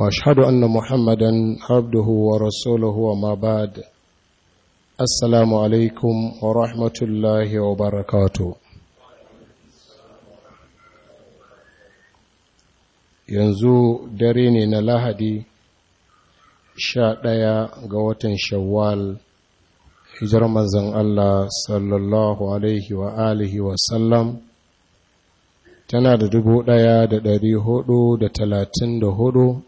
واشهد ان محمدا عبده ورسوله وما بعد السلام عليكم ورحمه الله وبركاته yanzu dare ne na lahadi sha ɗaya ga watan shawwal hijar manzan Allah sallallahu alaihi wa alihi wa sallam tana da dubu ɗaya da ɗari hudu da talatin da hudu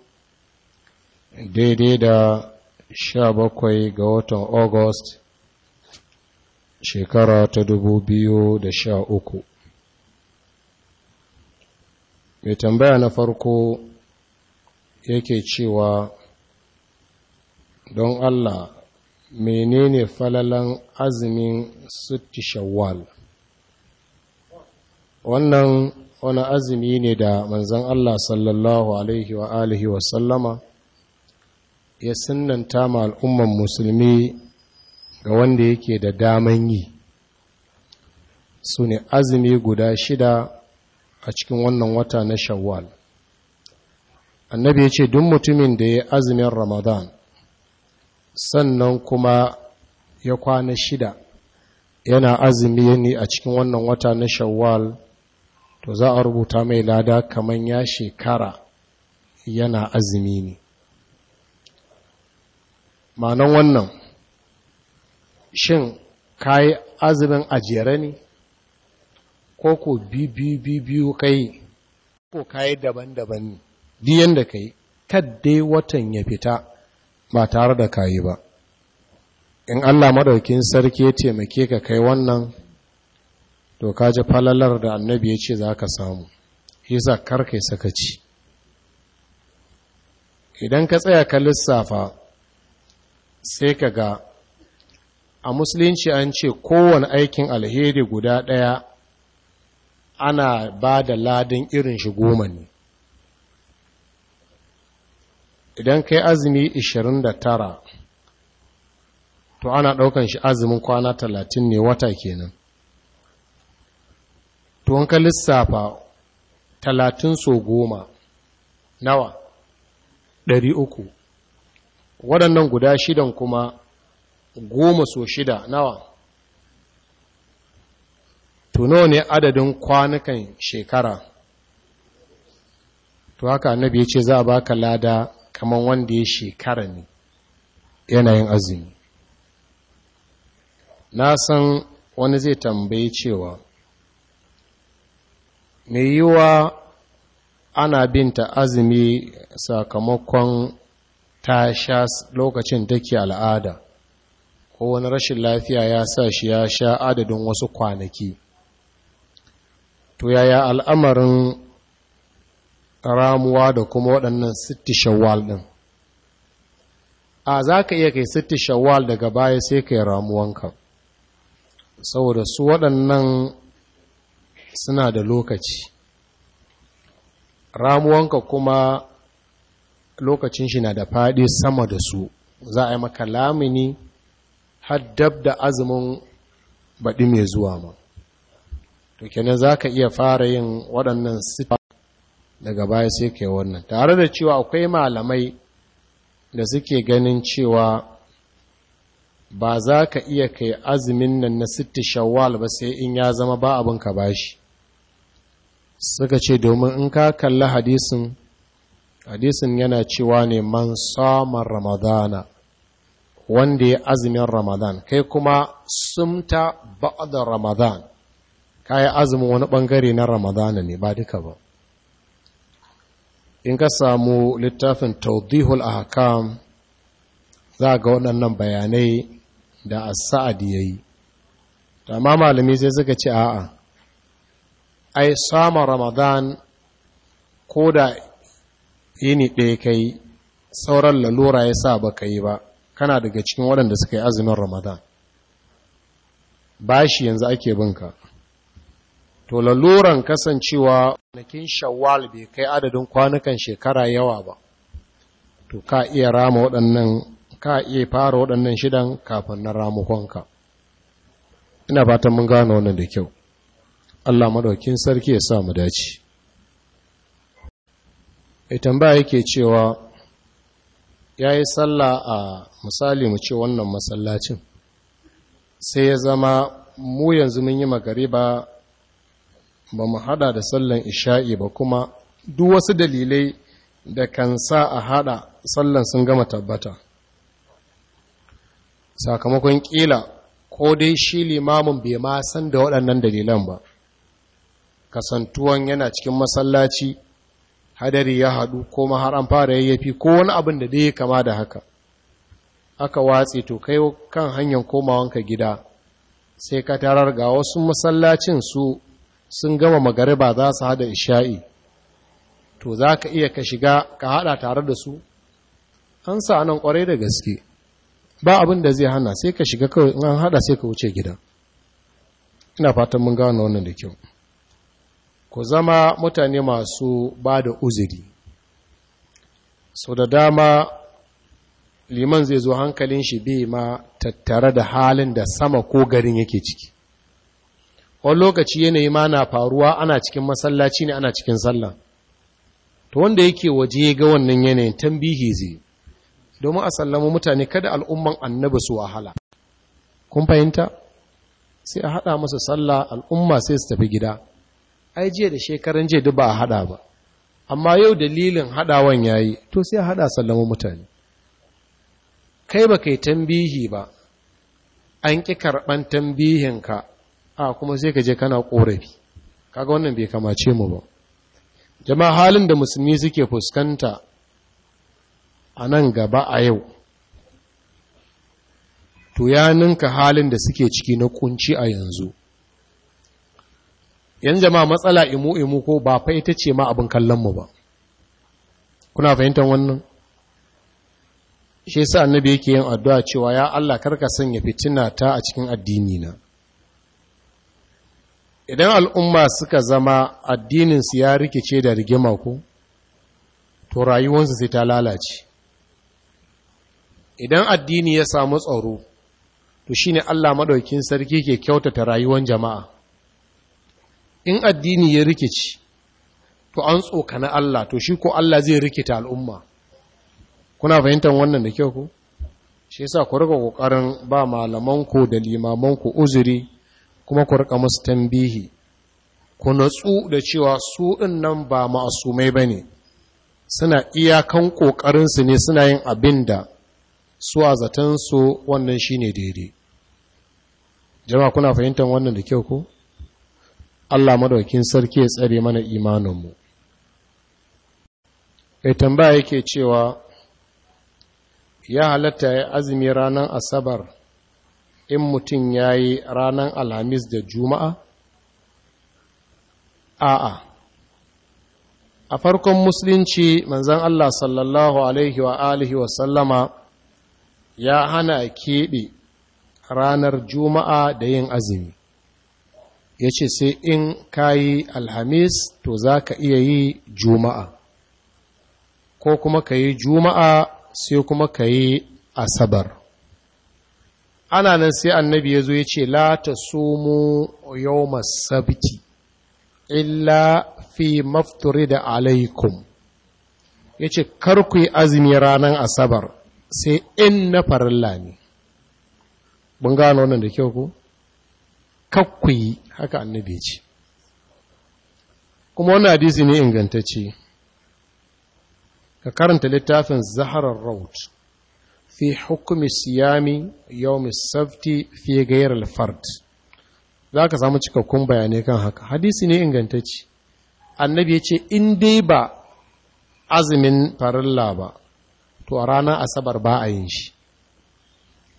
daidai da sha bakwai ga watan august shekara ta dubu biyu da sha uku mai tambaya na farko yake cewa don allah menene falalan azumin sutti shawwal wannan wani azumi ne da manzan allah sallallahu alaihi wa alihi wasallama ya ta ma al'umman musulmi ga wanda yake da daman yi su ne azumi guda shida a cikin wannan wata na shawwal annabi ya ce duk mutumin da ya azumin ramadan sannan kuma ya kwana shida yana azumi ne a cikin wannan wata na shawwal to za a rubuta mai lada kamar ya shekara yana azumi ne ma'anan wannan shin ka yi azumin ajiyar ne ko ko biyu yi. ko ka yi daban-daban ne diyan da ka yi kaddai watan ya fita ba tare da ka yi ba in allah madaukin sarki ya taimake ka kai wannan to ka ji falalar da annabi ya ce za ka samu yasa karkai sakaci idan ka tsaya ka lissafa sai ka ga a musulunci an ce kowane aikin alheri guda ɗaya ana ba da ladin irin shi goma ne idan kai azumi 29 to ana ɗaukan shi azumin kwana 30 ne wata kenan to an ka lissafa 30 so goma nawa 300 waɗannan guda shidan kuma goma so shida nawa tuno ne adadin kwanukan shekara to haka annabi ya ce za a baka lada kamar wanda ya shekara ne yanayin azumi na san wani zai tambaye cewa mai yiwa ana binta azumi sakamakon ta sha lokacin take al'ada ko wani rashin lafiya ya sa shi ya sha adadin wasu kwanaki to yaya al'amarin ramuwa da kuma waɗannan sitti shawwal ɗin a za ka iya kai sitti shawwal daga baya sai kai ramuwanka saboda su waɗannan suna da lokaci ramuwanka kuma lokacin shi na da faɗi sama da su za a yi maka lamini haddab da azumin baɗi mai zuwa ma to kenan za ka iya fara yin waɗannan sifa daga baya sai ka yi wannan tare da cewa akwai malamai da suke ganin cewa ba za ka iya kai azumin nan na sitti shawwal ba sai in ya zama ba abin ka bashi suka ce domin in ka kalli hadisin hadisin yana cewa ne man samar ramadana wanda ya azumin ramadan kai kuma sumta ba'da ramadan yi azumin wani bangare na ramadana ne ba duka ba in ka samu littafin a ahkam za ga waɗannan bayanai da as-sa'ad yayi amma malami sai suka ce a'a ai sama ramadan ko da Yi ni ɗaya ka yi sauran lalura ya sa ba ka yi ba kana daga cikin waɗanda suka yi azumin ramadan bashi yanzu ake binka to laluran kasancewa kin shawwal bai kai adadin kwanukan shekara yawa ba to ka iya rama waɗannan ka iya fara waɗannan shidan kafin na ramukonka ina fatan mun gano wannan da kyau Allah madaukin sarki ya sa mu dace mai tambaya yake cewa ya yi tsalla a misali mu ce wannan masallacin sai ya zama mu yanzu mun yi magari ba mu hada da tsallon isha'i ba kuma duk wasu dalilai da kan sa a hada tsallon sun gama tabbata sakamakon kila ko dai shi limamin bai ma san da waɗannan dalilan ba kasantuwan yana cikin masallaci hadari ya haɗu ko ma har an fara yayyafi ko wani abin da dai kama da haka aka watse to kai kan hanyar komawanka gida sai ka tarar ga wasu masallacin su sun gama magariba za su hada isha'i to za ka iya ka shiga ka hada tare da su an sa nan kwarai da gaske ba abin da zai hana sai ka shiga kawai an haɗa sai ka wuce gida ina fatan mun gano wannan da kyau ku zama mutane masu ba da uzuri Sau da dama liman zai zo hankalin shi bai ma tattare da halin da sama ko garin yake ciki wani lokaci yanayi ma na faruwa ana cikin masallaci ne ana cikin sallah ta wanda yake waje ga wannan yanayin tambihi zai domin a sallama mutane kada al'umman annabi su wahala kun fahimta sai a haɗa masa sallah al'umma sai su tafi gida ai jiya da shekaran jiya duk ba a hada ba amma yau dalilin hadawan yayi to sai hada sallama mutane kai ba kai tambihi ba an ki karban tambihinka a kuma sai ka je kana korafi kaga wannan bai kamace mu ba jama'a halin da musulmi suke fuskanta a nan gaba a yau to ya ninka halin da suke ciki na kunci a yanzu yan jama'a matsala imu imu ko ba fa ita ce ma abin kallon mu ba kuna fahimtar wannan shi yasa annabi yake yin addu'a cewa ya Allah karka sanya fitina ta a cikin addini na idan al'umma suka zama addinin su ya rikice da rigima ko to rayuwarsu sai ta lalace idan addini ya samu tsaro to shine Allah madaukin sarki ke kyautata rayuwar jama'a in addini ya rikici to an tsokana Allah to shi ko Allah zai rikita al'umma kuna fahimtar wannan da kyau ku shi yasa ku rika kokarin ba malaman ku da limaman ku uzuri kuma ku riga musu tambihi ku natsu da cewa su din nan ba ma'asumai bane suna iyakan kokarin su ne suna yin abinda su a zaton su wannan shine daidai jama'a kuna fahimtar wannan da kyau ku Allah madaukin sarki ya tsare mana imaninmu mai tambaya yake cewa ya halatta ya azumi ranar asabar in mutum ya yi ranar alhamis da juma'a? a'a a farkon musulunci manzan Allah sallallahu alaihi wa alihi wa sallama ya hana a keɓe ranar juma'a da yin azumi ya ce sai in ka yi alhamis to za ka iya yi juma'a ko kuma ka yi juma'a sai kuma ka yi asabar ana nan sai annabi ya zo ya ce la ta sumu yau sabti illa fi mafturi da alaikum ya ce karku yi azumi ranar asabar sai in na farilla ne. Bun gano wannan da kyau ku? kakwai haka annabi ce kuma wani hadisi ne ingantacce ka karanta littafin zaharar raut fi hukumi siyami yawmi safti fi gayar alfard za ka samu cikakkun bayanai kan haka hadisi ne ingantacce annabi ya ce in dai ba azumin farilla ba to a ranar asabar ba a yin shi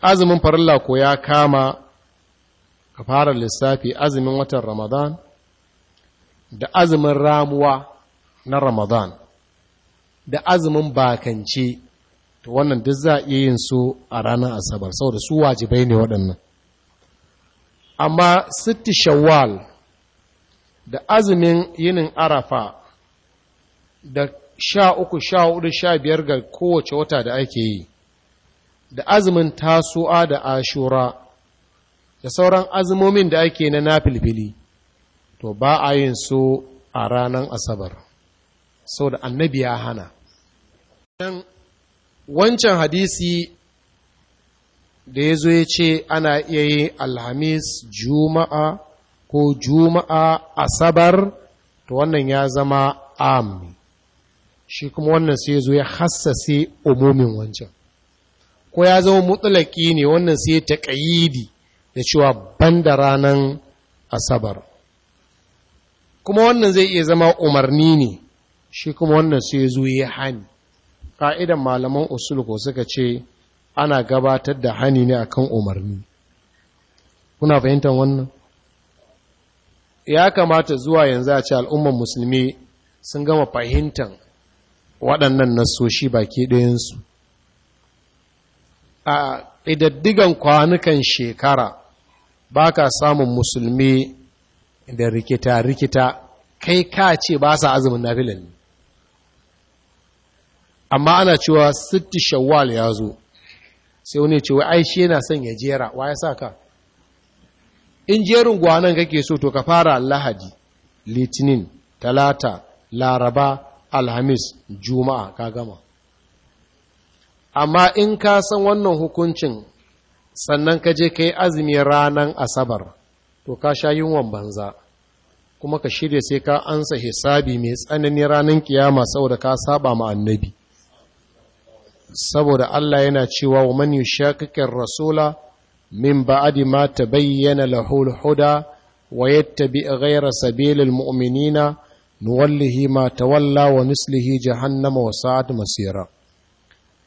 azumin farilla ko ya kama ka fara lissafi azumin watan ramadan da azumin ramuwa na ramadan da azumin bakance to wannan duk za a iya yin su a ranar asabar saboda su wajibai ne waɗannan amma sitti shawwal da azumin yinin arafa da sha uku sha hudu sha biyar ga kowace wata da ake yi da azumin tasu'a da ashura da sauran azumomin da ake na nafilfili to ba a yin so a ranar asabar sau da annabi ya hana wancan hadisi da ya zo ya ce ana iya yi alhamis juma'a ko juma'a asabar to wannan ya zama amni shi kuma wannan sai ya zo ya hassase umumin wancan ko ya zama mutsalaki ne wannan sai ta ƙayidi da cewa banda ranar asabar kuma wannan zai iya zama umarni ne shi kuma wannan sai zo ya hani ƙa'idan malaman usul ko suka ce ana gabatar da hani ne akan umarni kuna fahimtar wannan ya kamata zuwa yanzu a ce al'umman musulmi sun gama fahimtar waɗannan nasoshi baki ɗayansu a ƙidaddigan kwanukan shekara ba ka samun musulmi da rikita-rikita kai ka ce ba sa azumin na ne amma ana cewa sitti shawwal ya zo sai wani ce wai aishi yana son ya jera wa ya sa ka in jerin gwanan kake so to ka fara lahadi litinin talata laraba alhamis juma'a ka gama amma in ka san wannan hukuncin sannan ka je ka yi azumi ranar asabar to ka sha yunwan banza kuma ka shirya sai ka ansa hisabi mai tsanani ranar kiyama saboda ka saba ma annabi saboda Allah yana cewa wa man yushaqiqir rasula min ba'di ma tabayyana bayyana al-huda wa yattabi ghayra sabilil mu'minina nuwallihi ma tawalla wa nuslihi jahannama wa sa'at masira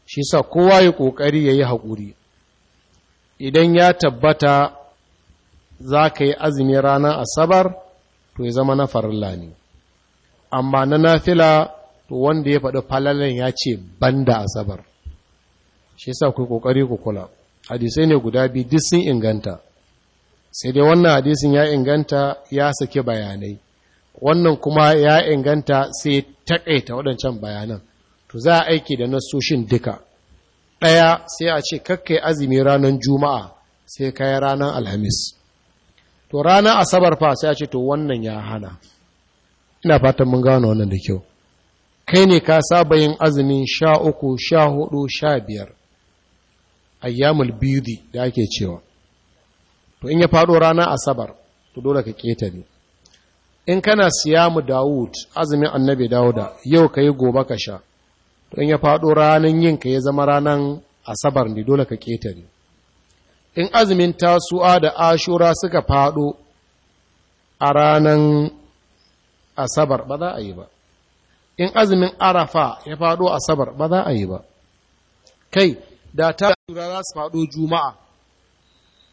shi sa kowa ya kokari yayi haƙuri. idan ya tabbata za ka yi azumi ranar asabar to ya zama na farilla ne amma na nafila to wanda ya faɗi falalan ya ce banda asabar shi sa ku kokari ku kula hadisai ne guda biyu duk sun inganta sai dai wannan hadisin ya inganta ya saki bayanai wannan kuma ya inganta sai taƙaita waɗancan bayanan to za a aiki da nasoshin duka ɗaya sai a ce kakkai azumi ranar juma'a sai ka yi ranar alhamis to ranar asabar fa sai a ce to wannan ya hana ina fatan mun gano wannan da kyau kai ne ka saba yin azumin sha uku sha hudu sha biyar ayyamul biyudi da ake cewa to in ya faɗo ranar asabar to dole ka ne. in kana siyamu dawud azumin annabi dawuda yau ka yi gobe ka sha In ya faɗo ranar yinka ya zama ranar asabar ne dole ka ƙetare in azumin tasuwa da ashura suka faɗo a ranar asabar ba za a yi ba in azumin arafa ya faɗo asabar ba za a yi ba kai da ta tura za su faɗo juma'a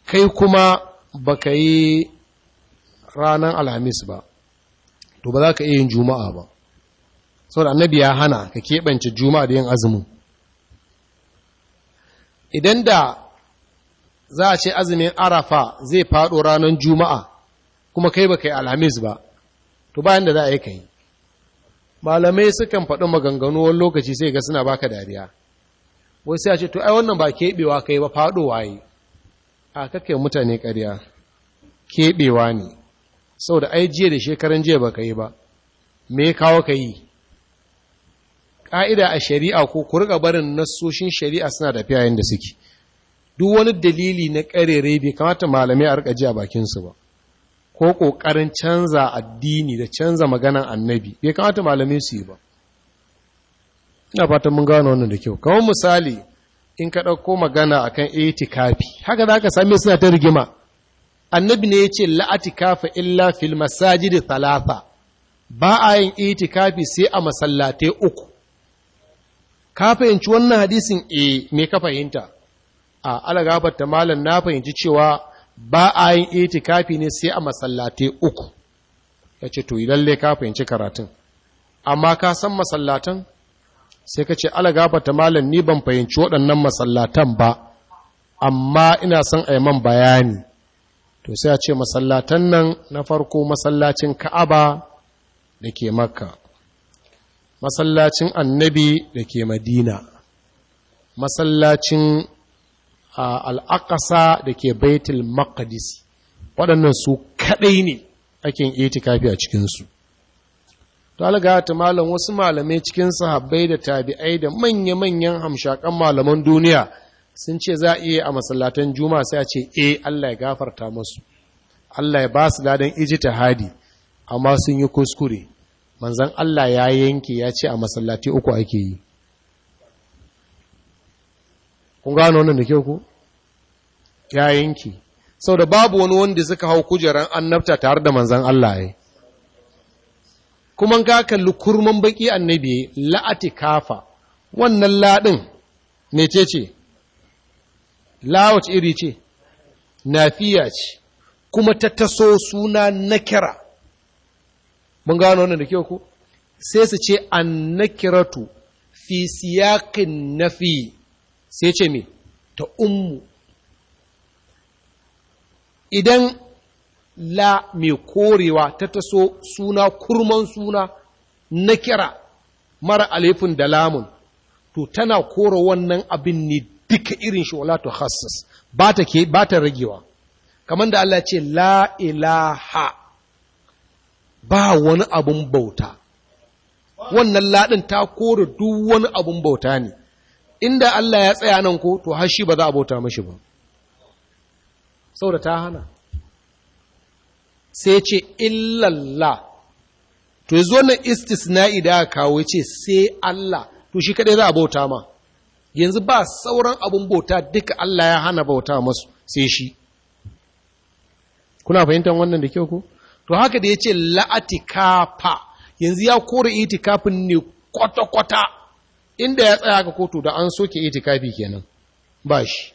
kai kuma ba ka yi ranar alhamis ba to ba za ka iya yin juma'a ba saboda annabi ya hana ka keɓance juma'a da yin azumin idan da za a ce azumin arafa zai faɗo ranar juma'a kuma kai ba yi alhamis ba to bayan da za a yi kai malamai sukan faɗi maganganu wani lokaci sai ga suna baka dariya wai sai a ce to ai wannan ba keɓewa kai ba faɗo waye a kakai mutane ƙarya keɓewa ne saboda ai jiya da shekaran jiya ba ka yi ba me kawo ka yi ƙa'ida a shari'a ko ku barin nassoshin shari'a suna da fiye da suke duk wani dalili na ƙarere bai kamata malamai a rika a bakinsu ba ko ƙoƙarin canza addini da canza maganan annabi bai kamata malamai su yi ba ina fatan mun gano wannan da kyau kamar misali in ka ɗauko magana a kan itikafi haka za ka sami suna ta rigima annabi ne ya ce la'atikafa illa fil masajid ba a yin itikafi sai a masallatai uku ka fahimci wannan hadisin e me ka fahimta a alagabar ta malam na fahimci cewa ba a yin itikafi ne sai a masallate uku ya ce to lalle ka fahimci karatun amma ka san masallatan sai ka ce alagabar ta malam ni ban fahimci waɗannan masallatan ba amma ina son a yi man bayani to sai a ce masallatan nan na farko masallacin ka'aba da ke makka masallacin annabi da ke madina masallacin al'akasa da ke baitul maqdis waɗannan su kaɗai ne ake itikafi a cikinsu talaga ta malam wasu malamai cikin sahabbai da tabi'ai da manya-manyan hamshakan malaman duniya sun ce za a iya a masallatan Juma sai a ce e Allah ya gafarta masu Allah ya ba su ladan hadi, amma sun yi kuskure manzan Allah ya yanke ya ce a masallaci uku ake yi kun gano wannan da ke ku ya yanke sau da babu wani wanda suka hau kujeran annabta tare da manzan Allah ya eh. kuma ka kalli kurman baki annabi la'ati kafa wannan laɗin ne ce la'awaci iri ce nafiya ce kuma ta taso suna na kira mun gano wannan da kyau ko sai su ce annakiratu fi siyaqin nafi sai ce me ta ummu idan la mai korewa ta taso suna kurman suna na kira mara alifin da lamun to tana kora wannan abin ne duka irin shi wala to hassas ba ta ragewa kamar da Allah ce la ilaha ba wani abun bauta wannan laɗin ta kore duk wani abun bauta ne inda Allah ya tsaya nan ko to har shi ba za a bauta mashi ba saboda ta hana sai ce illallah to yanzu wannan istisna'i da aka kawo ce sai Allah to shi kadai za a bauta ma yanzu ba sauran abun bauta duka Allah ya hana bauta masu sai shi kuna fahimtar wannan da kyau ko to haka da ya ce la'atikafa yanzu ya kore itikafin ne kwata-kwata inda ya tsaya ga kotu da an soke itikafi kenan ba shi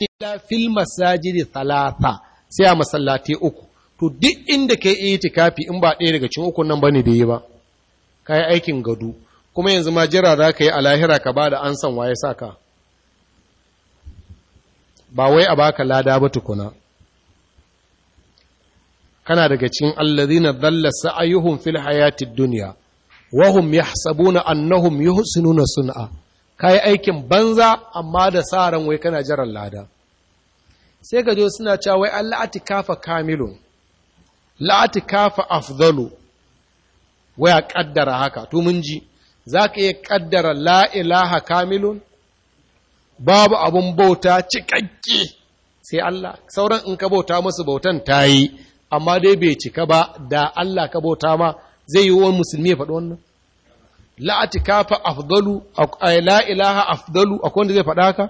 ila fil masajidi talata sai a masallatai uku to duk inda ka yi itikafi in ba ɗaya daga cin uku nan ba ne da yi ba Ka yi aikin gado kuma yanzu ma jira za ka yi a lahira ka ba da an san waye saka ba wai a baka lada ba tukuna kana daga cikin allazina dalla sa'ayuhum fil hayati dunya wa hum yahsabuna annahum yuhsinuna sun'a kai aikin banza amma da saran wai kana jaran lada sai ka suna cewa wai Allah atikafa kamilun la atikafa afdalu waya kaddara haka to mun ji zaka iya kaddara la ilaha kamilun babu abun bauta cikakke sai Allah sauran in ka bauta musu bautan tayi amma dai bai cika ba da Allah ka bauta ma zai yi wani musulmi ya faɗi wannan la'atikafa afdalu la ilaha afdalu akwai wanda zai faɗa ka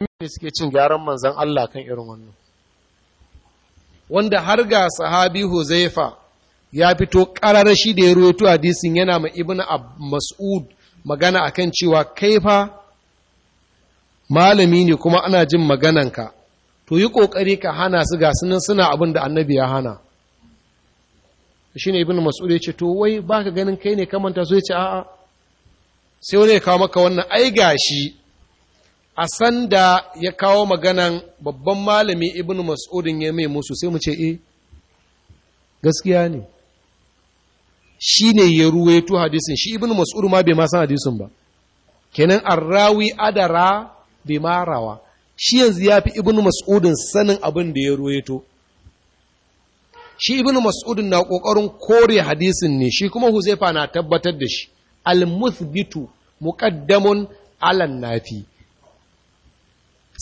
ne suke cin gyaran manzan Allah kan irin wannan wanda har ga sahabi Huzaifa ya fito shi da ya ruwaito hadisin yana ma ibn Mas'ud magana akan cewa kai fa malami ne kuma ana jin maganan ka. to yi ƙoƙari ka hana su ga sunan suna abin da annabi ya hana shi ne ibn mas'ud ya ce to wai ba ka ganin kai ne kamanta su ce a'a sai wani ya kawo maka wannan ai gashi a sanda ya kawo maganan babban malami ibn mas'udin ya mai musu sai mu ce e gaskiya ne shi ne ya ruwaito hadisin shi ibn mas'ud ma bai ma san hadisin ba kenan arrawi adara bai marawa shi yanzu ya fi ibn mas'udin sanin abin da ya ruwaito shi ibn mas'udin na ƙoƙarin kore hadisin ne shi kuma huzaifa na tabbatar da shi almuthbitu muthbitu muqaddamun ala nafi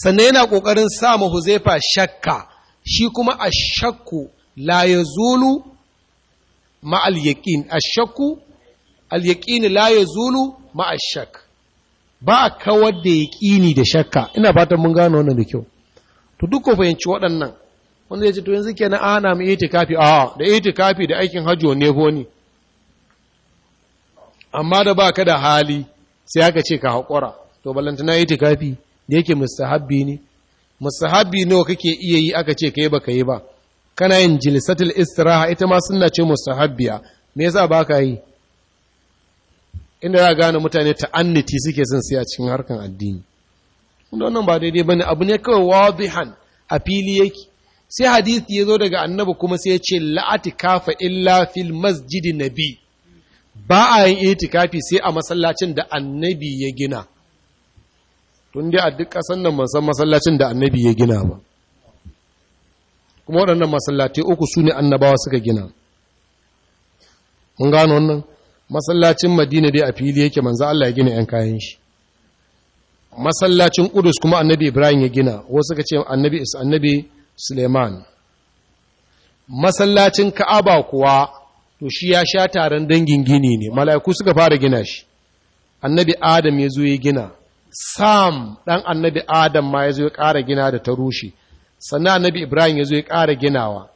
sannan yana ƙoƙarin sa ma huzaifa shakka shi kuma ashakku la yazulu ma al-yaqin ashakku al-yaqin la yazulu ma ashak ba kawar da ya ƙini da shakka ina fatan mun gano wannan da kyau to duk ko fahimci waɗannan wanda ya ce to yanzu kenan ana mu itikafi a da kafi da aikin hajji ne ko ni amma da ba ka da hali sai aka ce ka haƙura to ballantana kafi da yake musahabbi ne ne nawa kake iya yi aka ce ba ka yi ba kana yin jilisatul istiraha ita ma suna ce musahabbiya me yasa ka yi inda za gane mutane ta'anniti suke son siya a cikin harkan addini wanda wannan ba daidai ne abu ne kawai wadihan a fili yake sai hadisi ya zo daga annabi kuma sai ya ce la'ati kafa illa fil masjidi nabi ba a yin itikafi sai a masallacin da annabi ya gina tun dai a duk ƙasan nan ban san masallacin da annabi ya gina ba kuma waɗannan masallatai uku su ne annabawa suka gina mun gano wannan masallacin madina dai a fili yake manzo Allah ya gina yan kayan shi masallacin Kudus kuma annabi Ibrahim ya gina wasu suka ce annabi isa annabi Suleiman masallacin Ka'aba kuwa to shi ya sha taron dangin gini ne mala'iku suka fara gina shi annabi Adam ya zo ya gina Sam ɗan annabi Adam ma ya zo ya ƙara gina da ta rushe sannan annabi Ibrahim ya zo ya ƙara ginawa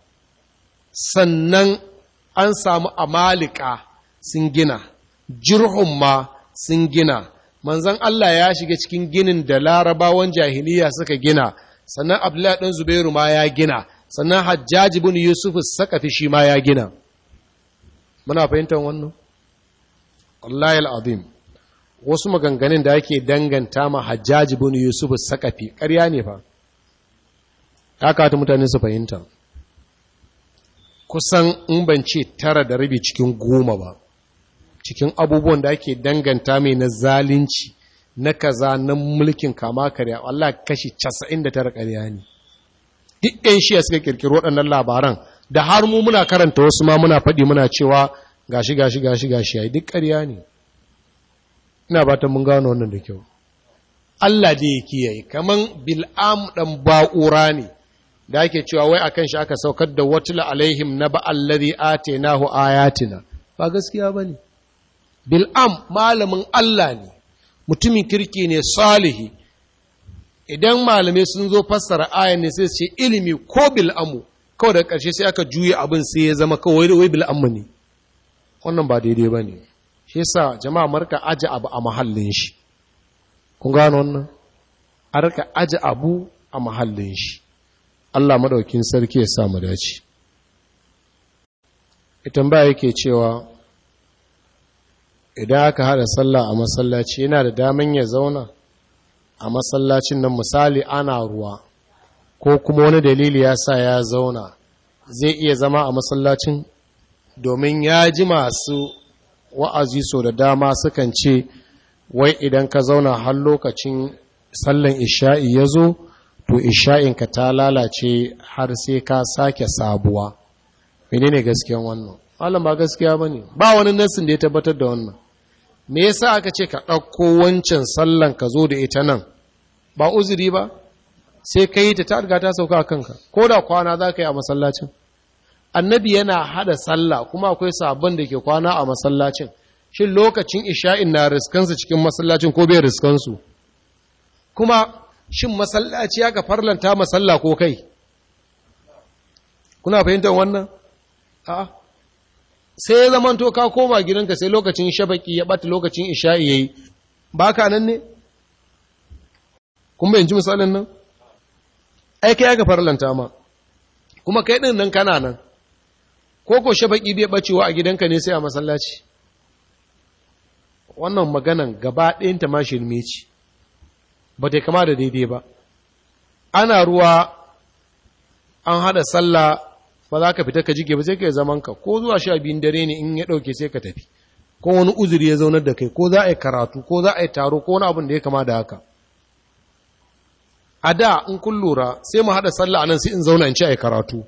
sannan an samu amalika sun gina jirhun ma sun gina manzan Allah ya shiga cikin ginin da larabawan jahiliya suka gina sannan abdullahi ɗan zubairu ma ya gina sannan hajjaji bin yusuf sakafi shi ma ya gina muna fahimtar wannan wallahi al’adim, wasu maganganun da ake danganta ma hajjaji bin yusuf sakafi ƙarya ne fa ya kata mutane su fahimta kusan in ban ce tara da rabi cikin goma ba cikin abubuwan da ake danganta mai na zalunci na kaza na mulkin kama karya Allah kashi 99 karya ne duk ɗan shi ya suka kirkiri waɗannan labaran da har mu muna karanta wasu ma muna faɗi muna cewa gashi gashi gashi gashi yayi duk karya ne ina ta mun gano wannan da kyau Allah da ya kiyaye kaman bil'am ɗan ba'ura ne da ake cewa wai a kan shi aka saukar da watula alaihim na ba'alladhi a Yatina. ba gaskiya ba ne. bil'am malamin Allah ne mutumin kirki ne salihi idan malamai sun zo fassara ayan ne sai su ce ilimi ko bil'amu kawai da ƙarshe sai aka juya abin sai ya zama kawai wai bil'amu ne wannan ba daidai ba ne shi sa jama'a marka aji abu a mahallin shi kun gano wannan a rika aji abu a mahallin shi Allah madaukin sarki ya sa mu dace ita ba yake cewa idan aka hada sallah a masallaci yana da daman ya zauna a masallacin nan misali ana ruwa ko kuma wani dalili ya sa ya zauna zai iya zama a masallacin domin ya ji masu wa'azi so da dama sukan ce wai idan ka zauna har lokacin sallan isha'i ya zo to ka ta lalace har sai ka sake sabuwa menene gaskiyan wannan malam ba gaskiya bane ba wani nasin da ya tabbatar da wannan me yasa aka ce ka ɗauko wancan sallan ka zo da ita nan ba uzuri ba sai ka yi ta ta riga ta sauka kanka ko da kwana za ka yi a masallacin annabi yana hada sallah kuma akwai sabon da ke kwana a masallacin shi lokacin isha'in na riskansu cikin masallacin ko bai riskansu kuma shin masallaci ya ka farlanta masalla ko kai kuna fahimtar wannan a'a sai ya zama to ka koma gidanka sai lokacin shabaki ya bata lokacin isha'i ya yi. ba ka nan ne kun bayanci misalin nan ai kai aka farlanta ma kuma kai ɗin nan kana nan ko ko shabaki bai bacewa a gidanka ne sai a masallaci wannan maganan gaba ɗayanta ma shirme ce ba ta kama da daidai ba ana ruwa an hada sallah ba za ka fita ka jike ba sai ka yi zaman ka ko zuwa sha biyun dare ne in ya ɗauke sai ka tafi ko wani uzuri ya zaunar da kai ko za a yi karatu ko za a yi taro ko wani abin da ya kama da haka a da in kun lura sai mu haɗa sallah nan sai in zauna in ci a yi karatu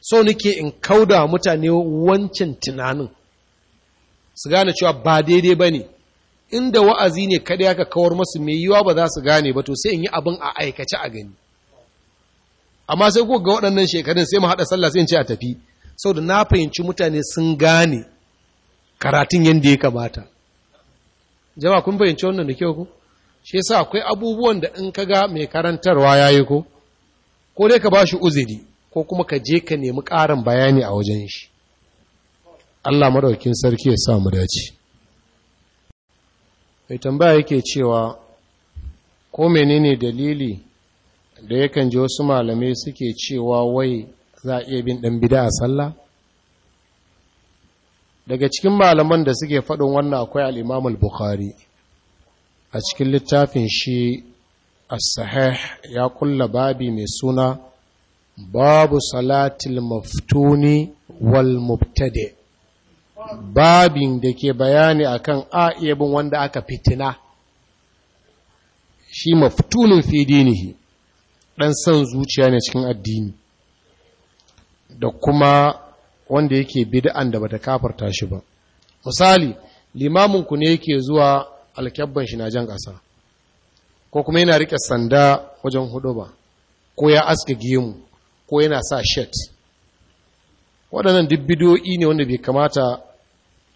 so nake in kauda mutane wancan tunanin su gane cewa ba daidai ba ne inda wa'azi ne kada ya kawar masu mai yiwa ba za su gane ba to sai in yi abin a aikace a gani amma sai kuka ga waɗannan shekarun sai mu haɗa sallah sai in ce a tafi saboda na fahimci mutane sun gane karatun yadda ya kamata jama'a kun fahimci wannan da kyau ku shi yasa akwai abubuwan da in ka ga mai karantarwa yayi ko ko dai ka bashi uzuri ko kuma ka je ka nemi ƙarin bayani a wajen shi Allah maraukin sarki ya sa mu dace mai tambaya yake cewa ko menene dalili da yakan ji wasu malamai suke cewa wai za a iya bin ɗan bida a sallah daga cikin malaman da suke faɗin wannan akwai al'imamul bukhari a cikin littafin shi as-sahih ya kulla babi mai suna babu salatil maftuni wal mubtadi babin da ke bayani akan a iya bin wanda aka fitina shi maftunin fidinihi ɗan san zuciya ne cikin addini da kuma wanda yake bid'an da bata kafarta shi ba misali limaminku ne yake zuwa alkyabban shi na jan ƙasa ko kuma yana riƙe sanda wajen hudu ba ko ya aske gemu ko yana sa shet waɗannan duk bidoyi ne wanda bai kamata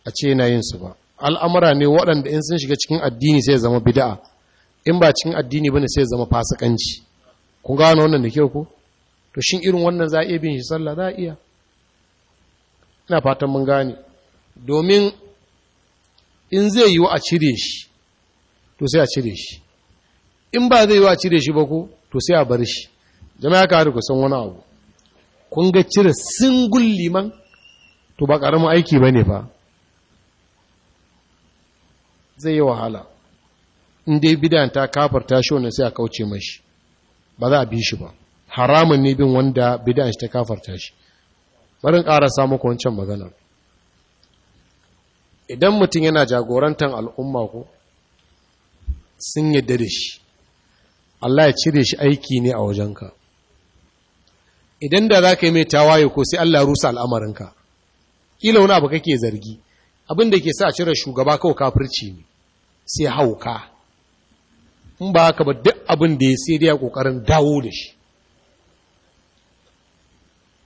a ce yana yin su ba al'amura ne waɗanda in sun shiga cikin addini sai zama bid'a in ba cikin addini bane sai zama fasikanci Ku gano wannan da kyau ku? to shin irin wannan za a iya bin shi sallah za a iya ina fatan mun gane domin in zai yiwu a cire shi to sai a cire shi in ba zai yiwu a cire shi ba ku? to sai a bar shi jama'a ka haɗu kusan wani abu kun ga cire singul liman to ba ƙaramin aiki ba ne fa zai yi wahala in dai bidan ta kafar shi wannan sai a kauce mashi ba za a bi shi ba haramun ne bin wanda bid'a shi ta kafarta shi barin ƙara samu wancan magana idan mutum yana jagorantar al'umma ko sun yadda da shi Allah ya cire shi aiki ne a wajenka idan da za ka yi mai tawaye ko sai Allah rusa al'amarinka ƙila wani abu kake zargi abin da ke sa cire shugaba kawai kafirci ne sai hauka in ba haka ba duk abin da ya sai da a kokarin dawo da shi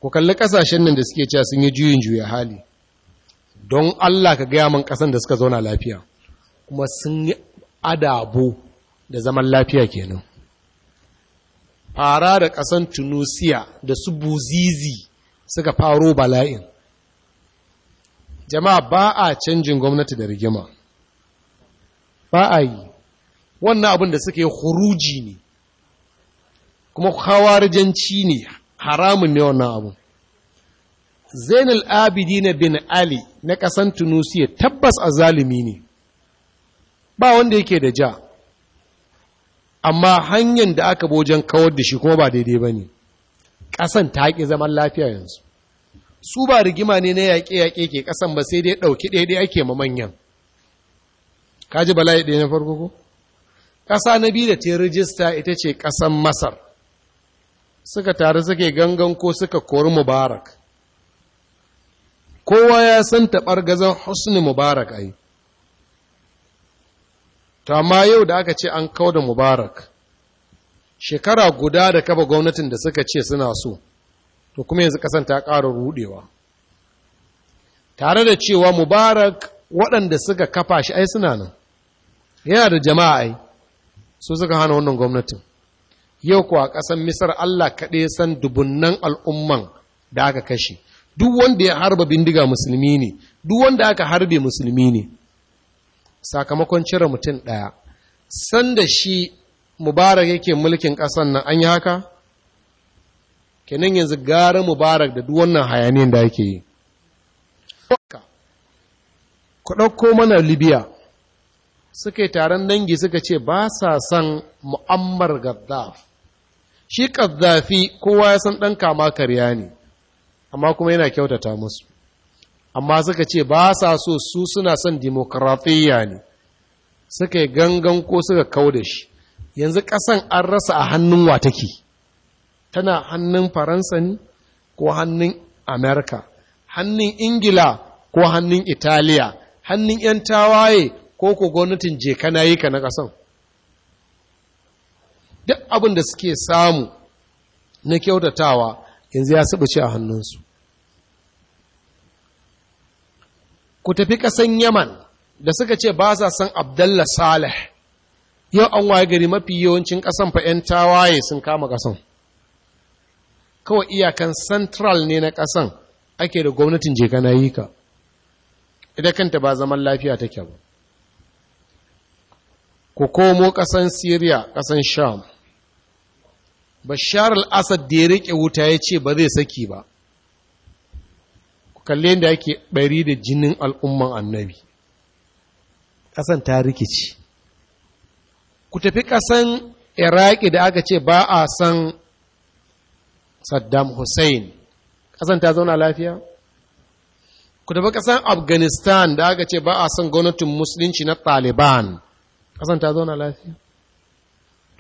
ku kalli kasashen nan da suke cewa sun yi juyin juya hali don Allah ka gaya mun kasan da suka zauna lafiya kuma sun yi adabo da zaman lafiya kenan fara da kasan Tunusiya da su buzizi suka faro bala'in jama'a ba a canjin gwamnati da rigima ba a yi wannan abin da suka yi huruji ne kuma hawarijanci ne haramun ne wannan abin zainal abidina bin ali na ƙasan tunusiya tabbas a zalimi ne ba wanda yake da ja amma hanyar da aka bojan kawar da shi kuma ba daidai ba ne ƙasan ta haƙi zaman lafiya yanzu su ba rigima ne na yaƙe-yaƙe ke ƙasan ba sai dai ɗauki ɗaya ake ma manyan kaji bala'i ɗaya na farko ko ƙasa na biyu da ta yi rijista ita ce ƙasan masar suka taru suke gangan ko suka kori mubarak kowa ya san taɓar gazan husni mubarak ai to amma yau da aka ce an kau da mubarak shekara guda da kaba gwamnatin da suka ce suna so to kuma yanzu ƙasan ta ƙara rudewa tare da cewa mubarak waɗanda suka kafa shi ai suna nan yana da jama'a ai su suka hana wannan gwamnatin yau kuwa ƙasar misar allah kaɗai san dubunnan al'umman da aka kashe duk wanda ya harba bindiga musulmi ne duk wanda aka harbe musulmi ne sakamakon cire mutum ɗaya sanda shi mubarak yake mulkin ƙasar nan an yi haka kenan yanzu gara mubarak da duk wannan hayaniyar da yake yi ku ɗauko mana libya suka yi taron dangi suka ce ba sa son mu'ammar gaddaf shi kaddafi kowa ya san ɗan kama karya ne amma kuma yana kyautata musu amma suka ce ba sa so su suna son dimokuraɗiyya ne suka yi gangan ko suka kau da shi yanzu ƙasan an rasa a hannun wataki tana hannun faransa ne ko hannun amerika hannun ingila ko hannun italiya hannun 'yan tawaye ko ko gwamnatin je kana yi ka na ƙasan duk abin da suke samu na kyautatawa yanzu ya saba ce a hannunsu ku tafi ƙasan yaman da suka ce ba sa san abdallah salih yau an waye gari mafi yawancin ƙasan fa 'yan tawaye sun kama ƙasan kawai iyakan central ne na ƙasan ake da gwamnatin je kana yi ka ita kanta ba zaman lafiya take ba ku komo ƙasan Siriya, ƙasan Sham. Bashar al-Assad da ya riƙe wuta ya ce ba zai saki ba, ku kalle da yake ɓari da jinin al'umman annabi. Ƙasan ta rikici. Ku tafi ƙasan Iraki da aka ce ba a san Saddam Hussein, ƙasan ta zauna lafiya? Ku tafi ƙasan Afghanistan da aka ce ba a san gwamnatin Musulunci na Taliban. ƙasan ta zauna lafiya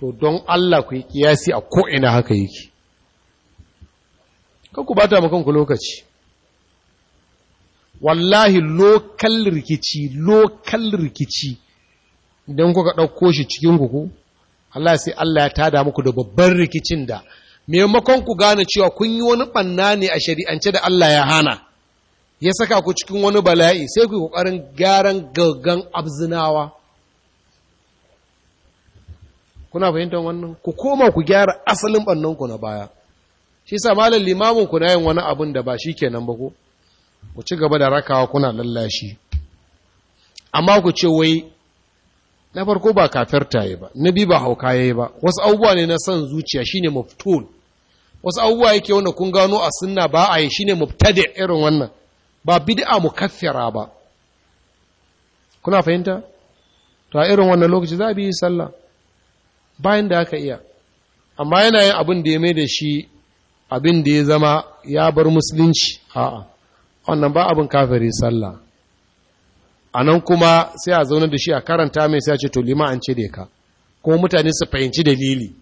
to don Allah ku yi kiyasi a ko'ina haka yake kanku ba ta makonku lokaci wallahi lokal rikici lokal rikici idan kuka ɗauko shi cikinku ku Allah sai Allah ya tada muku da babban rikicin da maimakon ku gane cewa kun yi wani ɓanna ne a shari'ance da Allah ya hana ya saka ku cikin wani bala'i sai ku yi ƙoƙarin gyaran gaggan abzinawa kuna fahimtar wannan ku koma ku gyara asalin bannan ku na baya shi sa malam limamin ku na yin wani abin da ba shi ke ba ko ku ci gaba da rakawa kuna lallashi amma ku ce wai na farko ba kafirta yi ba na bi ba hauka ya yi ba wasu abubuwa ne na son zuciya shine muftul wasu abubuwa yake wanda kun gano a sunna ba a yi shine maftade irin wannan ba bid'a mukaffira ba kuna fahimta to irin wannan lokaci za a bi sallah bayan da aka iya amma yana yin abin da ya mai da shi abin da ya zama ya bar musulunci a'a wannan ba abin kafiri sallah a nan kuma sai a zaune da shi a karanta mai sai a ce to lima an da ka ko mutane su fahimci dalili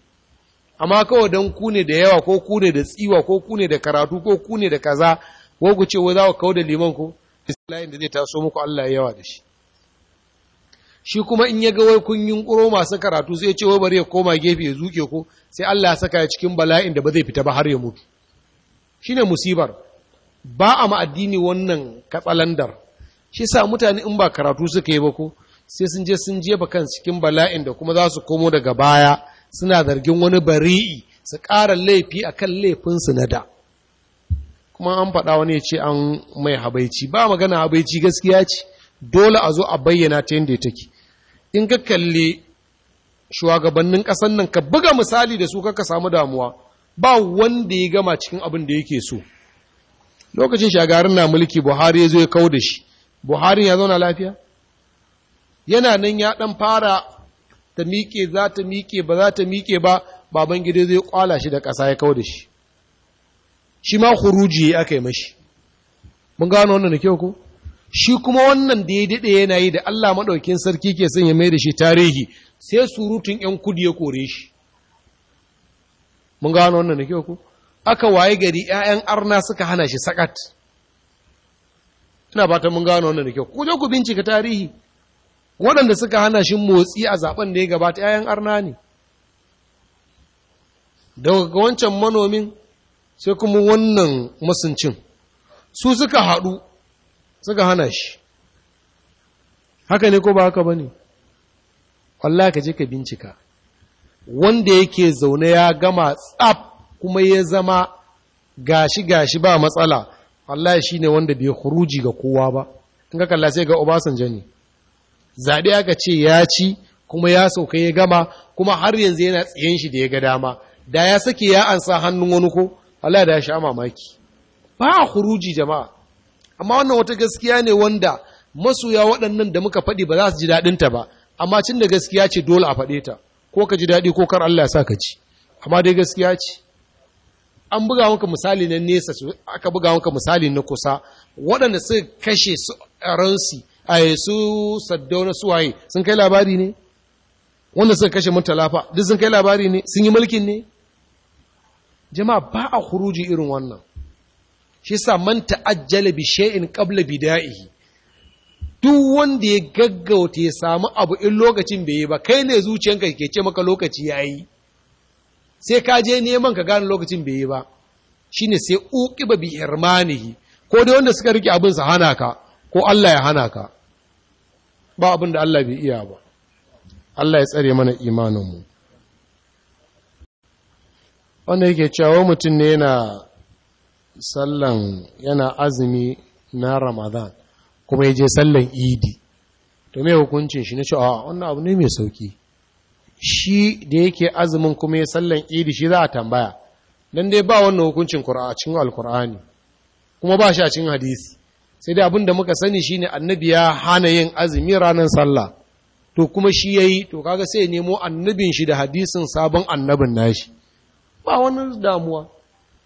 amma kawai don kune da yawa ko ku da tsiwa ko ku da karatu ko ku ne da kaza ko ku ce wai za ku kawo da liman ku islamin da zai taso muku Allah yawa da shi shi kuma in ya ga wai kun yunkuro masu karatu sai ce wai bari ya koma gefe ya zuke ko sai Allah ya saka ya cikin bala'in da ba zai fita ba har ya mutu Shi ne musibar ba a ma'addini wannan katsalandar shi sa mutane in ba karatu suka yi ba ko sai sun je sun jefa kan cikin bala'in da kuma za su komo daga baya suna zargin wani bari'i su ƙara laifi a kan laifinsu na da kuma an faɗa wani ya ce an mai habaici ba magana habaici gaskiya ce dole a zo a bayyana ta yadda take in ka kalli shugabannin ƙasan nan ka buga misali da su kaka samu damuwa ba wanda ya gama cikin abin da yake so lokacin shagarin na mulki buhari ya zo ya kawo da shi buhari ya zauna lafiya yana nan ya ɗan fara ta miƙe za ta miƙe ba za ta miƙe ba baban gida zai kwala shi da ƙasa ya kawo da shi shi ma huruji aka yi mashi mun gano wannan da kyau ko shi kuma wannan da ya daɗe yana yi da Allah maɗaukin sarki ke son ya mai da shi tarihi sai surutun ‘yan kudi ya kore shi. Mun gano wannan da kyau ku? Aka waye gari ‘ya'yan arna suka hana shi sakat. Ina bata mun gano wannan da kyau. Ku ku bincika tarihi. Waɗanda suka hana shi motsi a zaben da ya gabata ‘ya'yan arna ne. Daga wancan manomin sai kuma wannan masuncin. Su suka haɗu suka hana shi haka ne ko ba haka ba ne Allah ka je ka bincika wanda yake zaune ya gama tsaf kuma ya zama gashi gashi ba matsala wallahi ne wanda bai huruji ga kowa ba in ka kalla sai ga Obasanjo ne zaɓe aka ce ya ci kuma ya sauka ya gama kuma har yanzu yana tsayen shi da ya ga dama da ya sake ya ansa hannun wani ko Allah da ya sha mamaki ba huruji jama'a amma wannan wata gaskiya ne wanda masoya waɗannan da muka faɗi ba za su ji daɗinta ba amma cin da gaskiya ce dole a faɗe ta ko ka ji daɗi ko kar Allah ya sa ka ji amma dai gaskiya ce an buga maka misali na nesa aka buga maka misali na kusa waɗanda suka kashe su ransi a su saddauna suwaye sun kai labari ne wanda suka kashe mutalafa duk sun kai labari ne sun yi mulkin ne jama'a ba a huruji irin wannan shi sa man ta'ajjala bi shay'in qabla bida'ihi duk wanda ya gaggauta ya samu abu in lokacin bai yi ba kai ne zuciyanka ke ce maka lokaci yayi sai ka je neman ka gane lokacin bai yi ba shine sai uqiba bi irmanihi ko dai wanda suka rike abin sa hana ka ko Allah ya hana ka ba abin da Allah bai iya ba Allah ya tsare mana imaninmu wanda yake cewa mutum ne yana sallan yana azumi na ramadan kuma ya je sallan idi to mai hukuncin shi na ce a wannan abu ne mai sauki shi da yake azumin kuma ya sallan idi shi za a tambaya don dai ba wannan hukuncin a cikin alkur'ani kuma ba shi a cin hadisi sai dai abin da muka sani shi ne annabi ya hana yin azumi ranar sallah to kuma shi ya yi to kaga sai ya nemo annabin shi da hadisin sabon annabin nashi ba wani damuwa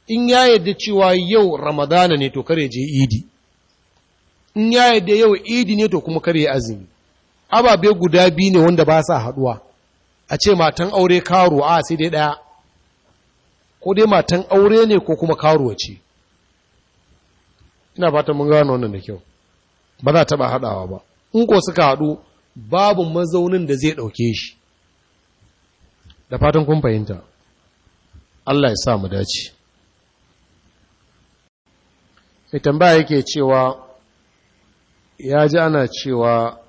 in ya yadda cewa yau ramadana ne to kare je idi in ya yadda yau idi ne to kuma kare azumi ababe guda biyu ne wanda ba sa haduwa a ce matan aure karo a sai dai daya ko dai matan aure ne ko kuma karuwa ce ina fata mun gano wannan da kyau ba za ta ba hadawa ba in ko suka hadu babu mazaunin da zai ɗauke shi da fatan kun fahimta Allah ya sa mu dace sai tambaya yake cewa ya ji ana cewa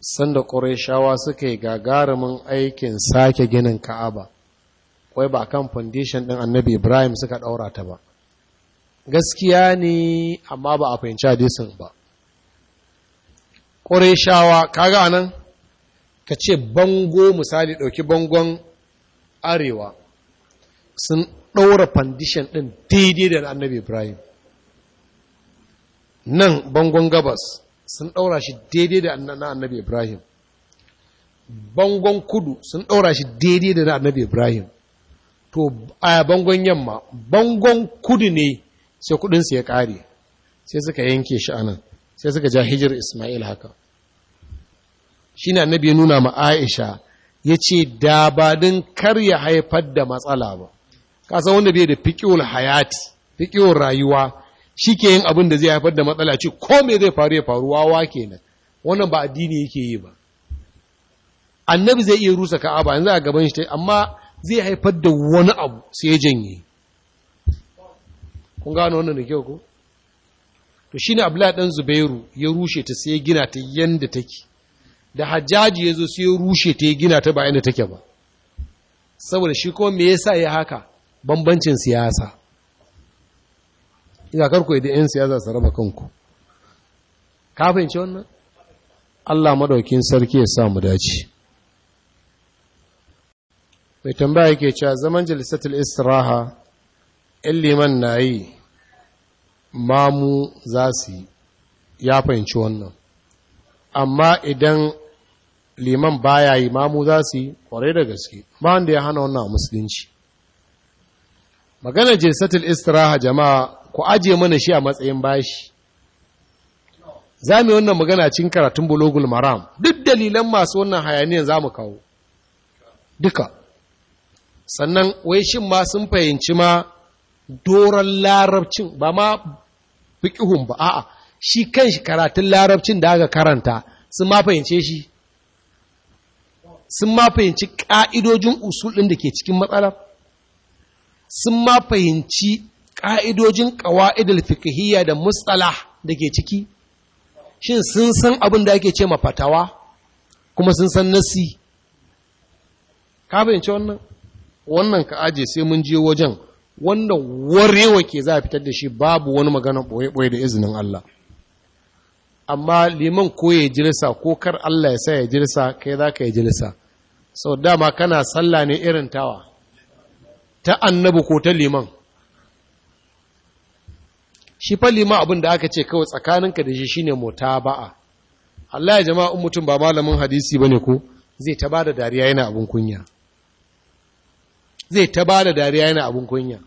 sanda ƙorashawa suka yi gagarumin aikin sake ginin ka'aba wai ba kan foundation ɗin annabi ibrahim suka ɗaura ta ba gaskiya ne amma ba a fahimci hadisin ba ka kaga nan ka ce bango misali ɗauki bangon arewa sun ɗaura foundation ɗin daidai da annabi ibrahim nan bangon gabas sun ɗaura shi daidai da na annabi ibrahim bangon kudu sun ɗaura shi daidai da na annabi ibrahim to a bangon yamma bangon kudu ne sai kudinsu ya ƙare sai suka yanke shi anan sai suka ja hijir ismail haka shi na annabi ya nuna ma aisha ya ce da ba din kar ya haifar da matsala ba kasan wanda bai da fiƙiwar hayati fikiwar rayuwa shi ke yin abin da zai haifar da matsala ce ko me zai faru ya faru wawa kenan wannan ba addini yake yi ba annabi zai iya rusa ka'aba yanzu a gaban shi ta amma zai haifar da wani abu sai ya janye kun gano wannan da kyau ko to shine Abdullahi dan Zubairu ya rushe ta sai ya gina ta yanda take da Hajjaji yazo sai ya rushe ta ya gina ta ba yanda take ba saboda shi ko me yasa ya haka bambancin siyasa ina karku idan 'yan siyasa su raba kanku kafin fahimci wannan Allah madaukin sarki ya sa mu dace mai tambaya yake cewa zaman jalisatul istiraha in liman na yi mamu za su ya fahimci wannan amma idan liman baya yi mamu za su yi kwarai da gaske ba wanda ya hana wannan a musulunci maganar jilsatul istiraha jama'a ku ajiye mana shi a matsayin bashi za mu yi wannan magana cikin karatun bulogul maram duk dalilan masu wannan hayaniyar za mu kawo duka sannan wai shin ma sun fahimci ma doron larabcin ba ma fiƙihun ba a'a shi kan shi karatun larabcin da aka karanta sun ma fahimce shi sun ma fahimci ƙa'idojin usul ɗin da ke cikin matsala sun ma fahimci ƙa'idojin ƙawa'idul fikihiyya da mustala da ke ciki shin sun san abin da ake ce ma fatawa kuma sun san nasi ka fahimci wannan wannan ka aje sai mun je wajen wanda warewa ke za a fitar da shi babu wani magana ɓoye-ɓoye da izinin Allah amma liman ko ya jirsa ko kar Allah ya sa ya jirsa kai za ka ya jirsa sau dama kana sallah ne irin tawa ta annabi ko ta liman shi falli lima abin da aka ce kawai tsakaninka da shi shine ba'a. Allah ya jama'a in mutum ba malamin hadisi bane ko zai ta bada dariya yana abin kunya zai ta bada dariya yana abin kunya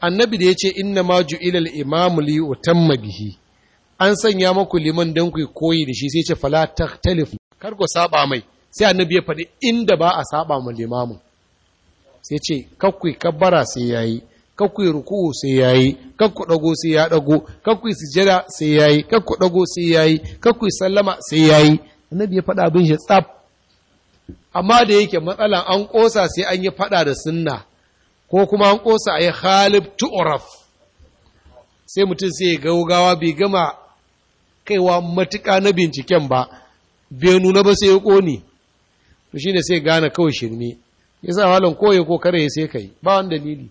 annabi da yace inna ma ju'ila al-imamu li utamma bihi an sanya maku liman dan ku koyi da shi sai ce fala talif. kar ku saba mai sai annabi ya faɗi inda ba a saba ma limamin sai ce kakwai kabbara sai yayi kakku ruku'u sai ya yi, kakku dago sai ya dago kakku sujada sai ya yi, kakku dago sai ya yi, kakku sallama sai ya yi. annabi ya faɗa abin shi tsaf amma da yake matsalan an ƙosa sai an yi faɗa da sunna ko kuma an ƙosa a yi halib tu'raf sai mutum sai gaugawa bai gama kaiwa matuka na binciken ba bai nuna ba sai ya ƙone to shine sai gane kawai shirme yasa halin koye ko kare sai kai ba wani dalili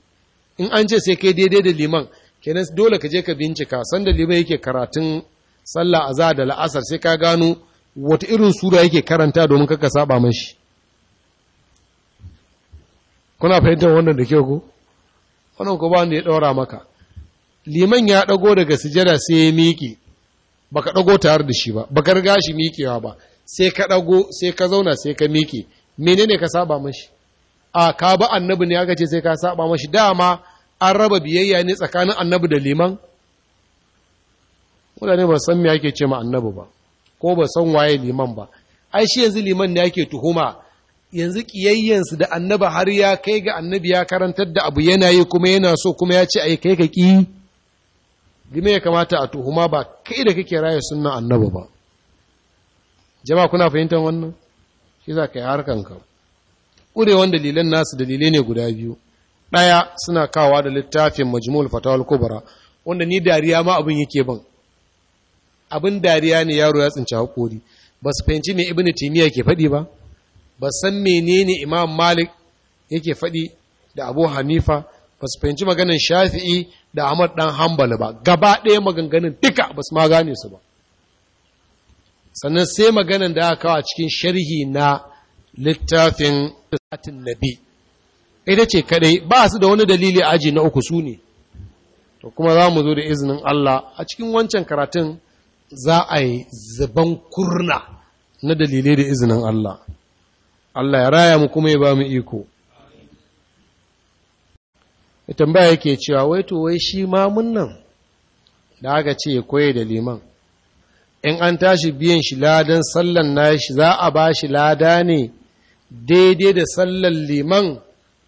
in an ce sai kai daidai da liman kenan dole ka je ka bincika sanda liman yake karatun sallah azza da la'asar sai ka gano wata irin sura yake karanta domin kaka saba mashi kuna fahimtar wannan da kyau ko wannan ko ba wanda ya daura maka liman ya dago daga sujada sai ya miƙe baka dago tare da shi ba baka riga shi miƙewa ba sai ka dago sai ka zauna sai ka miƙe menene ka saba mashi a ka ba annabi ne aka ce sai ka saba mashi dama an raba biyayya ne tsakanin annabi da liman mutane ba san me ake ce ma annabi ba ko ba san waye liman ba ai shi yanzu liman ne ake tuhuma yanzu kiyayyansu da annaba har ya kai ga annabi ya karantar da abu yana yi kuma yana so kuma ya ce yi kai ka ki dime ya kamata a tuhuma ba kai da kake raya sunnan annaba ba jama'a kuna fahimtar wannan shi za ka yi harkanka ƙurewan dalilan nasu dalilai ne guda biyu ɗaya suna kawa da littafin majmul fatawal kubra wanda ni dariya ma abin yake ban abin dariya ne yaro ya tsinci hakuri ba su fahimci me ibnu taymiya ke faɗi ba ba san menene imam malik yake faɗi da abu hanifa ba su fahimci shafi'i da ahmad dan hanbal ba gaba ɗaya maganganun duka ba su ma gane su ba sannan sai maganan da aka kawo a cikin sharhi na littafin satin nabi ita ce kadai ba su da wani dalili aji na uku su ne to kuma za mu zo da izinin Allah a cikin wancan karatun za a yi zaban kurna na dalilai da izinin Allah Allah ya raya mu kuma ya ba mu iko ya tambaya yake cewa wai to wai shi mun nan da aka ce koye da liman in an tashi biyan shi ladan sallan nashi za a ba shi lada ne daidai da sallan liman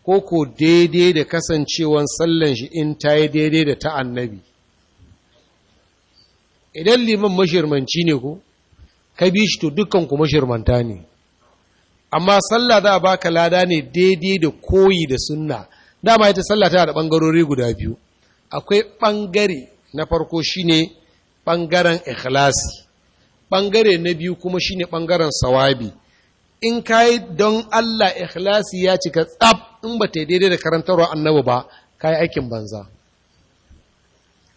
ko ko daidai da kasancewan sallan shi in ta yi daidai da ta annabi idan liman mashirmanci ne ko ka bi shi to dukkan mashirmanta ne amma sallah za a baka lada ne daidai da koyi da sunna dama ita sallah ta da bangarori guda biyu akwai ɓangare na farko shi ne ɓangaren ikhlasi ɓangare na biyu kuma shi ne ɓangaren sawabi in ka yi don Allah ikhlasi ya cika tsab in ba ta yi daidai da karantarwa annabi ba ka yi aikin banza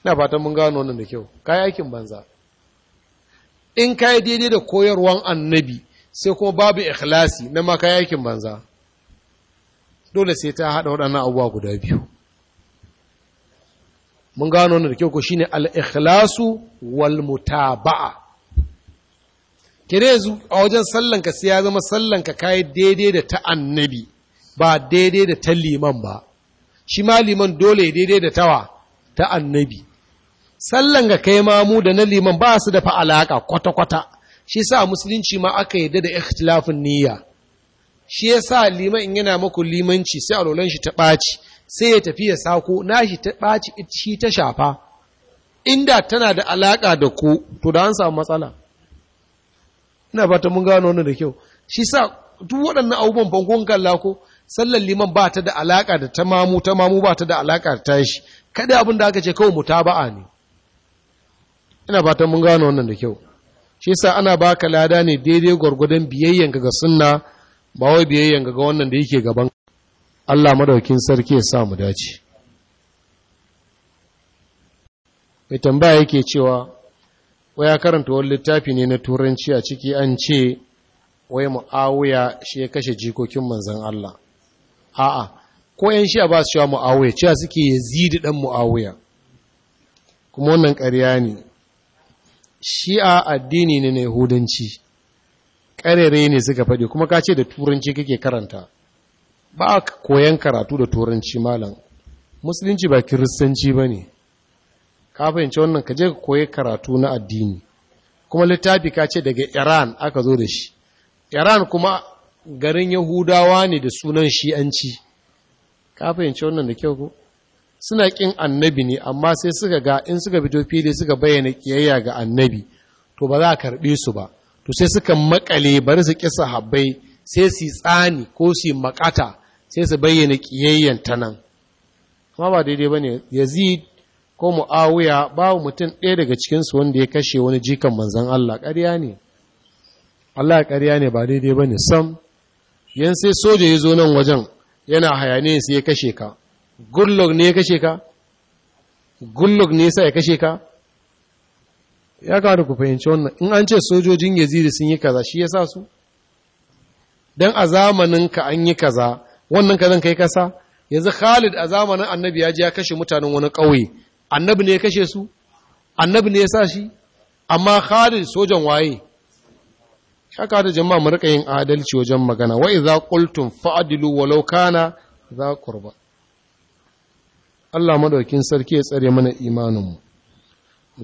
ina fatan mun gano wannan da kyau ka yi aikin banza in ka yi daidai da koyarwan annabi sai kuma babu ikhlasi na ma ka yi aikin banza dole sai ta haɗa waɗannan abubuwa guda biyu mun gano wannan da kyau ko shine al-ikhlasu wal mutaba'a kire yanzu a wajen sallanka sai ya zama sallanka kayi daidai da ta annabi ba daidai da ta liman ba shi ma liman dole daidai da tawa ta annabi sallan ga kai mamu da na liman ba su dafa alaƙa kwata-kwata shi sa musulunci ma aka yi da ikhtilafin niyya shi ya sa liman in yana maku limanci sai alolan shi ta ɓaci sai ya tafi ya sako na shi ta ɓaci shi ta shafa inda tana da alaƙa da ku to da an samu matsala ina fata mun gano wannan da kyau shi sa duk waɗannan abubuwan bangon kalla ko sallar liman ba ta da alaƙa da ta mamu ba ta da alaƙa da tashi kada abin aka ce kawai mutaba'a ne ina fatan mun gano wannan da kyau shi yasa ana baka lada ne daidai gwargwadon biyayyen ga sunna ba wai biyayyen ga wannan da yake gaban Allah madaukin sarki ya sa mu dace mai tambaya yake cewa waya karanta wani littafi ne na turanci a ciki an ce wai mu'awiya shi ya kashe jikokin manzan Allah a'a ko yan shi'a ba su cewa mu’awuyar, cewa suke yazidi dan mu’awuyar, kuma wannan ƙarya ne shi'a addini ne na yahudanci ƙarere ne suka faɗi kuma ka ce da turanci kake karanta ba a koyan karatu da turanci malam musulunci ba kiristanci ba ne ka fahimci wannan ka je ka koyi karatu na addini kuma littafi ka ce daga iran aka zo da shi iran kuma garin yahudawa ne da sunan shi'anci ka fahimci wannan da kyau ko suna ƙin annabi ne amma sai suka ga in suka fito fili suka bayyana ƙiyayya ga annabi to ba za a karɓe su ba to sai suka makale bari su ƙisa habbai sai su tsani ko su makata sai su bayyana ƙiyayyan ta nan Kuma ba daidai ba ne yazid ko muawiya babu mutum ɗaya daga cikinsu wanda ya kashe wani jikan manzon Allah ƙarya ne Allah ƙarya ne ba daidai ba ne sam yan sai soja ya zo nan wajen yana hayane sai ya kashe ka gullog ne ya kashe ka gullog ne sai ya kashe ka ya kawo da ku fahimci wannan in an ce sojojin yazidi sun yi kaza shi ya sa su don a zamanin ka an yi kaza wannan kazan kai kasa yanzu khalid a zamanin annabi ya ji ya kashe mutanen wani ƙauye annabi ne ya kashe su annabi ne ya sa shi amma khalid sojan waye Haka da jama'a mu rika yin adalci wajen magana wa idza qultum fa'dilu walau kana za qurba Allah madaukin sarki ya tsare mana imaninmu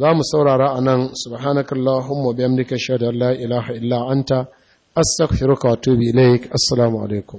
za mu saurara anan subhanakallahumma bihamdika shada la ilaha illa anta astaghfiruka wa atubu ilaik assalamu alaikum